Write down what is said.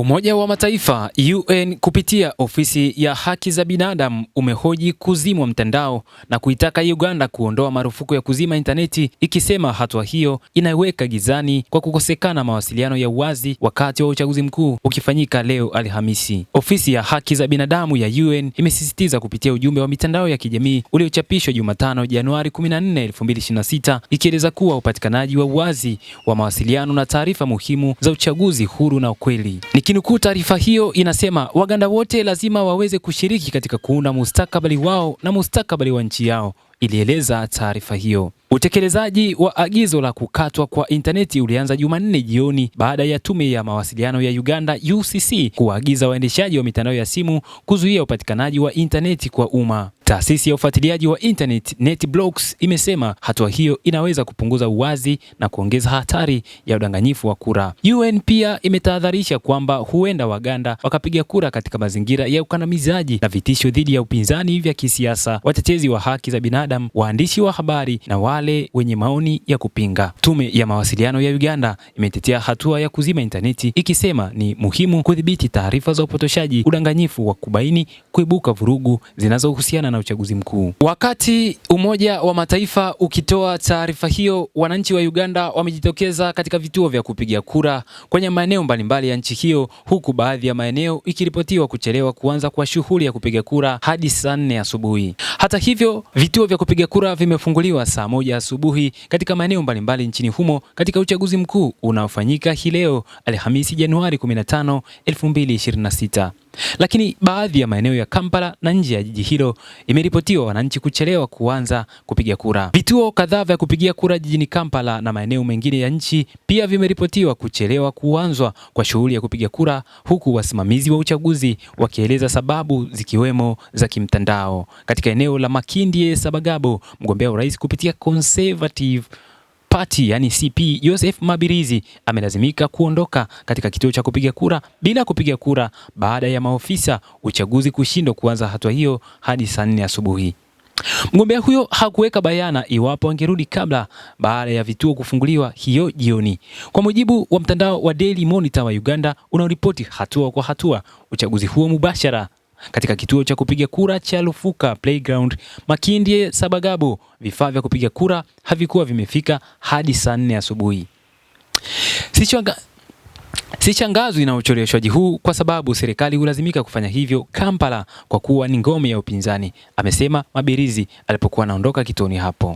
Umoja wa Mataifa UN kupitia ofisi ya haki za binadamu umehoji kuzimwa mtandao na kuitaka Uganda kuondoa marufuku ya kuzima intaneti ikisema hatua hiyo inaweka gizani kwa kukosekana mawasiliano ya uwazi wakati wa uchaguzi mkuu ukifanyika leo Alhamisi. Ofisi ya haki za binadamu ya UN imesisitiza kupitia ujumbe wa mitandao ya kijamii uliochapishwa Jumatano, Januari 14, 2026 ikieleza kuwa upatikanaji wa uwazi wa mawasiliano na taarifa muhimu za uchaguzi huru na ukweli Ikinukuu taarifa hiyo inasema Waganda wote lazima waweze kushiriki katika kuunda mustakabali wao na mustakabali wa nchi yao, ilieleza taarifa hiyo. Utekelezaji wa agizo la kukatwa kwa intaneti ulianza Jumanne jioni baada ya tume ya mawasiliano ya Uganda UCC kuwaagiza waendeshaji wa mitandao ya simu kuzuia upatikanaji wa intaneti kwa umma. Taasisi ya ufuatiliaji wa internet NetBlocks imesema hatua hiyo inaweza kupunguza uwazi na kuongeza hatari ya udanganyifu wa kura. UN pia imetahadharisha kwamba huenda Waganda wakapiga kura katika mazingira ya ukandamizaji na vitisho dhidi ya upinzani vya kisiasa, watetezi wa haki za binadamu, waandishi wa habari na wale wenye maoni ya kupinga. Tume ya mawasiliano ya Uganda imetetea hatua ya kuzima intaneti ikisema ni muhimu kudhibiti taarifa za upotoshaji, udanganyifu wa kubaini, kuibuka vurugu zinazohusiana na uchaguzi mkuu. Wakati Umoja wa Mataifa ukitoa taarifa hiyo, wananchi wa Uganda wamejitokeza katika vituo vya kupiga kura kwenye maeneo mbalimbali ya nchi hiyo, huku baadhi ya maeneo ikiripotiwa kuchelewa kuanza kwa shughuli ya kupiga kura hadi saa nne asubuhi. Hata hivyo, vituo vya kupiga kura vimefunguliwa saa moja asubuhi katika maeneo mbalimbali nchini humo katika uchaguzi mkuu unaofanyika hii leo Alhamisi Januari 15, 2026. Lakini baadhi ya maeneo ya Kampala na nje ya jiji hilo imeripotiwa wananchi kuchelewa kuanza kupiga kura. Vituo kadhaa vya kupigia kura jijini Kampala na maeneo mengine ya nchi pia vimeripotiwa kuchelewa kuanzwa kwa shughuli ya kupiga kura, huku wasimamizi wa uchaguzi wakieleza sababu zikiwemo za kimtandao. Katika eneo la Makindye Sabagabo, mgombea urais kupitia Conservative party yani CP Joseph Mabirizi amelazimika kuondoka katika kituo cha kupiga kura bila kupiga kura baada ya maofisa uchaguzi kushindwa kuanza hatua hiyo hadi saa nne asubuhi. Mgombea huyo hakuweka bayana iwapo angerudi kabla baada ya vituo kufunguliwa hiyo jioni. Kwa mujibu wa mtandao wa Daily Monitor wa Uganda unaoripoti hatua kwa hatua uchaguzi huo mubashara katika kituo cha kupiga kura cha Lufuka Playground Makindye Sabagabo, vifaa vya kupiga kura havikuwa vimefika hadi saa nne asubuhi. Sichangazwi na ucheleweshwaji huu kwa sababu serikali hulazimika kufanya hivyo Kampala kwa kuwa ni ngome ya upinzani, amesema Mabirizi alipokuwa anaondoka kituoni hapo.